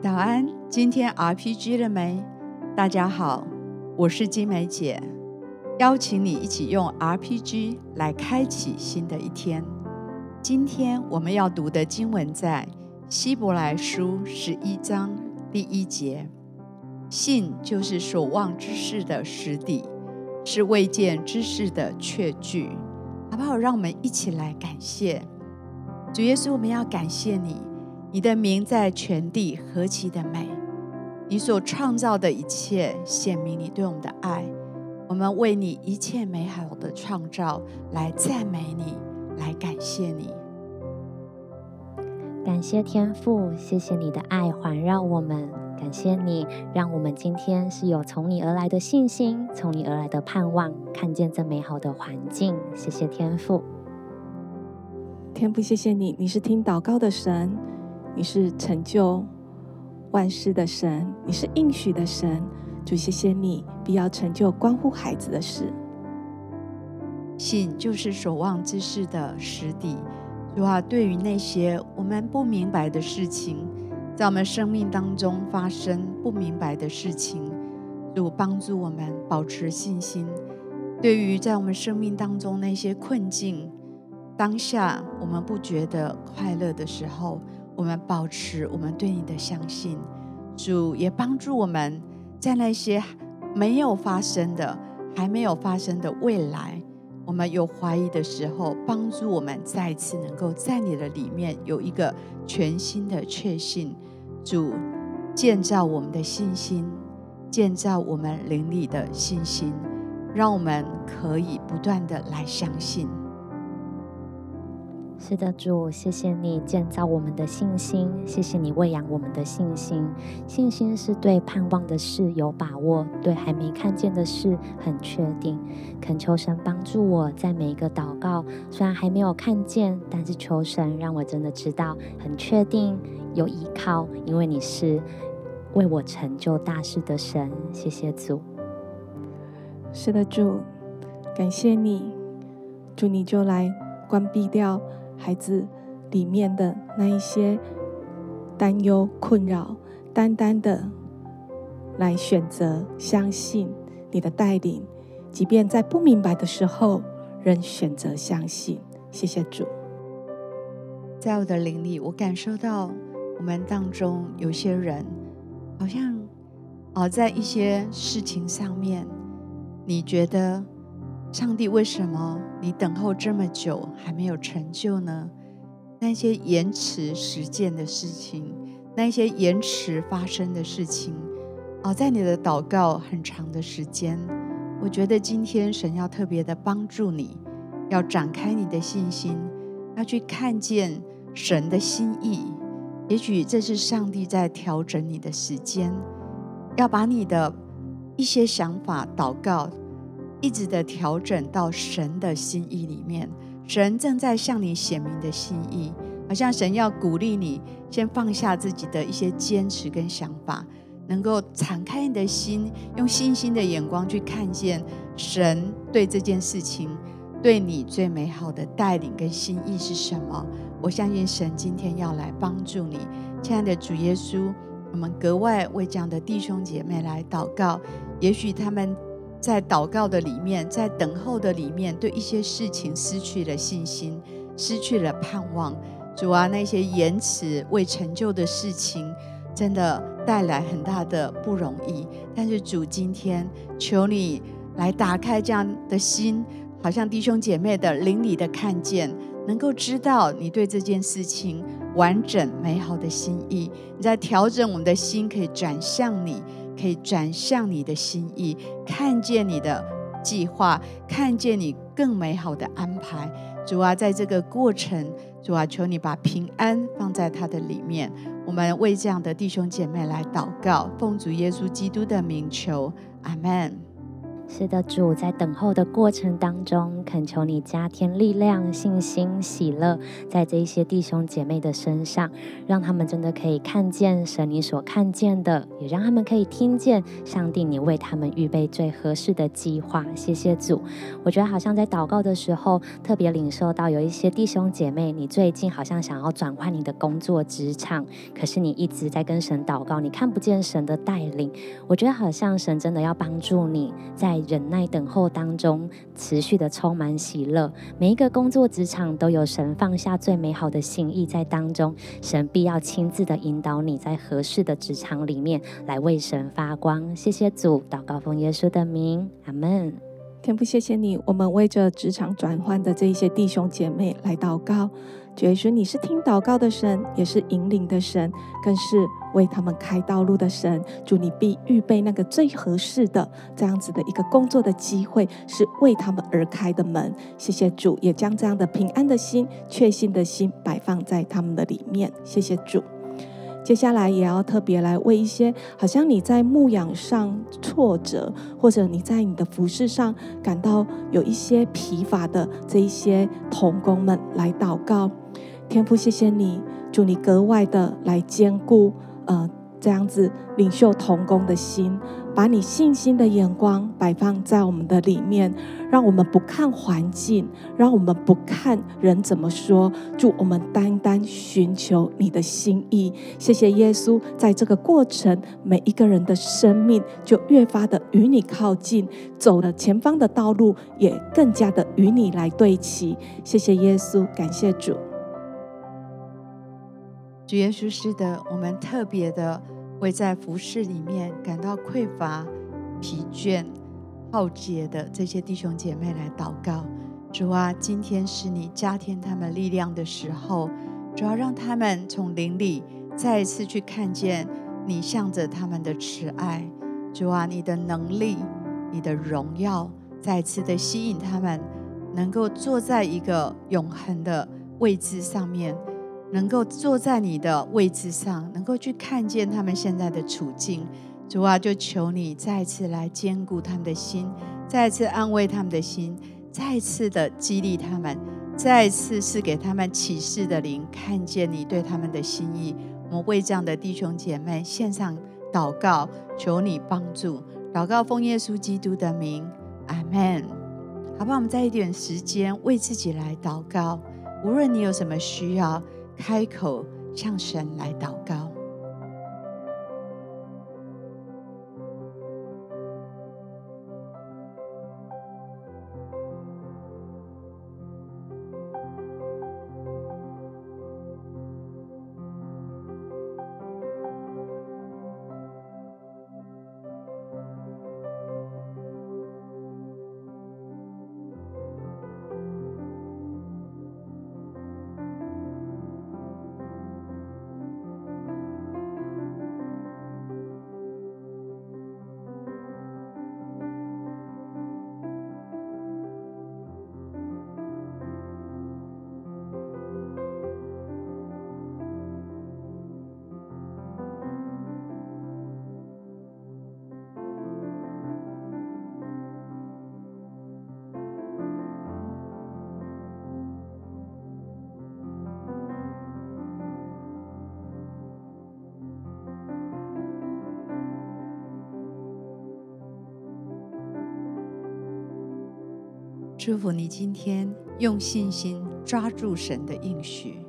早安，今天 RPG 了沒？大家好，我是晶玫姊，邀請你一起用 RPG 來開啟新的一天。今天我們要讀的經文在希伯來書十一章第一節：“信就是所望之事的實底，是未見之事的確據。”好不好？讓我們一起來感謝主耶穌，我們要感謝你。你的名在全地何其的美！你所創造的一切顯明你對我們的愛，我們為你一切美好的創造來讚美你，來感謝你。感謝天父，謝謝你的愛環繞我們，感謝你讓我們今天是有從你而來的信心，從你而來的盼望，看見這美好的環境。謝謝天父。天父，謝謝你，你是聽禱告的神。你是成就萬事的神，你是應許的神。主，謝謝你必要成就關乎孩子的事。信就是所望之事的實底。主啊，對於那些我們不明白的事情，在我們生命當中發生不明白的事情，主幫助我們保持信心。對於在我們生命當中那些困境，當下我們不覺得快樂的時候，我們保持我們對你的相信，主也幫助我們，在那些沒有發生的、還沒有發生的未來，我們有懷疑的時候，幫助我們再次能夠在你的裡面有一個全新的確信。主建造我們的信心，建造我們靈裡的信心，讓我們可以不斷地來相信。是的，主，謝謝你建造我們的信心，謝謝你餵養我們的信心。信心是對盼望的事有把握，對還沒看見的事很確定。懇求神幫助我，在每一個禱告，雖然還沒有看見，但是求神讓我真的知道，很確定有依靠，因為你是為我成就大事的神。謝謝主。是的，主，感謝你。祝你就來關閉掉。孩子裡面的那一些擔憂、困擾，單單的來選擇相信你的帶領，即便在不明白的時候，仍選擇相信。謝謝主，在我的靈裡，我感受到我們當中有些人，好像啊，在一些事情上面，你覺得？上帝，為什麼你等候這麼久還沒有成就呢？那些延遲實踐的事情，那些延遲發生的事情，好，在你的禱告很長的時間，我覺得今天神要特別的幫助你，要展開你的信心，要去看見神的心意。也許這是上帝在調整你的時間，要把你的一些想法禱告。一直的調整到神的心意裡面，神正在向你顯明的心意，好像神要鼓勵你先放下自己的一些堅持跟想法，能夠敞開你的心，用信心的眼光去看見神對這件事情對你最美好的帶領跟心意是什麼。我相信神今天要來幫助你。親愛的主耶穌，我們格外為這樣的弟兄姐妹來禱告，也許他們在禱告的裡面，在等候的裡面，對一些事情失去了信心，失去了盼望。主啊，那些延遲未成就的事情，真的帶來很大的不容易。但是主，今天求你來打開這樣的心，好像弟兄姐妹的、靈裡的看見，能夠知道你對這件事情完整美好的心意。你在調整我們的心，可以轉向你。可以轉向你的心意，看見你的計劃，看見你更美好的安排。主啊，在這個過程，主啊，求你把平安放在他的裡面。我們為這樣的弟兄姐妹來禱告，奉主耶穌基督的名求，阿門。是的，主，在等候的過程當中，懇求你加添力量、信心、喜樂，在這一些弟兄姐妹的身上，讓他們真的可以看見神你所看見的，也讓他們可以聽見上帝你為他們預備最合適的計劃。謝謝主，我覺得好像在禱告的時候，特別領受到有一些弟兄姐妹，你最近好像想要轉換你的工作職場，可是你一直在跟神禱告，你看不見神的帶領。我覺得好像神真的要幫助你在。忍耐等候當中，持續的充滿喜樂。每一個工作職場都有神放下最美好的心意在當中，神必要親自的引導你在合適的職場裡面來為神發光。謝謝主，禱告奉耶穌的名，阿門。天父，謝謝你，我們為這職場轉換的這一些弟兄姐妹來禱告。覺得說，你是聽禱告的神，也是引領的神，更是為他們開道路的神。主，你必預備那個最合適的這樣子的一個工作的機會，是為他們而開的門。謝謝主，也將這樣的平安的心、確信的心擺放在他們的裡面。謝謝主。接下來也要特別來為一些好像你在牧養上挫折，或者你在你的服侍上感到有一些疲乏的這一些同工們來禱告。天父，謝謝你，祝你格外的來堅固，呃，這樣子領袖同工的心。把你信心的眼光擺放在我們的裡面，讓我們不看環境，讓我們不看人怎麼說，祝我們單單尋求你的心意。謝謝耶穌，在這個過程，每一個人的生命就越發的與你靠近，走了前方的道路也更加的與你來對齊。謝謝耶穌，感謝主。主耶穌，是的，我們特別的。為在服侍裡面感到匱乏、疲倦、耗竭的這些弟兄姐妹來禱告，主啊，今天是你加添他們力量的時候，主啊，讓他們從靈裡再一次去看見你向着他們的慈愛，主啊，你的能力、你的榮耀，再次的吸引他們，能夠坐在一個永恆的位置上面。能夠坐在你的位置上，能夠去看見他們現在的處境，主啊，就求你再次來堅固他們的心，再次安慰他們的心，再次的激勵他們，再次賜給他們啟示的靈，看見你對他們的心意。我們為這樣的弟兄姐妹獻上禱告，求你幫助，禱告奉耶穌基督的名，阿門。好不好？我們再一點時間為自己來禱告，無論你有什麼需要，開口向神來禱告。祝福你今天用信心抓住神的應許。